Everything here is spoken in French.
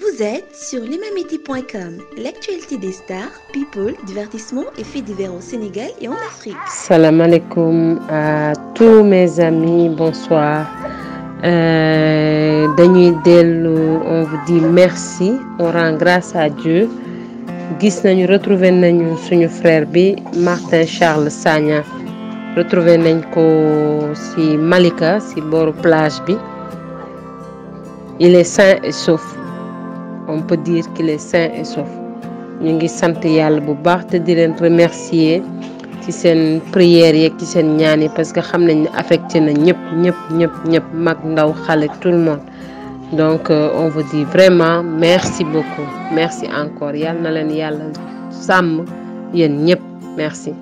Vous êtes sur l'imamiti.com, l'actualité des stars, people, divertissement et faits divers au Sénégal et en Afrique. Salam alaikum à tous mes amis, bonsoir. Euh, dañuy on vous dit merci on rend grâce à Dieu Nous avons retrouver notre frère Martin Charles Sagna retrouver nañ ko Malika ci Bor plage il est sain et sauf on peut dire qu'il est sain et sauf ñu ngi sant yàlla bu baax te di leen remercier ci seen prières yeeg ci seen ñaan yi parce que xam nañ affecté na ñëpp ñëpp ñëpp ñëpp mag ndaw xale tout le monde donc euh, on vous dit vraiment merci beaucoup merci encore yalla na leen yalla sam yéen ñëpp merci.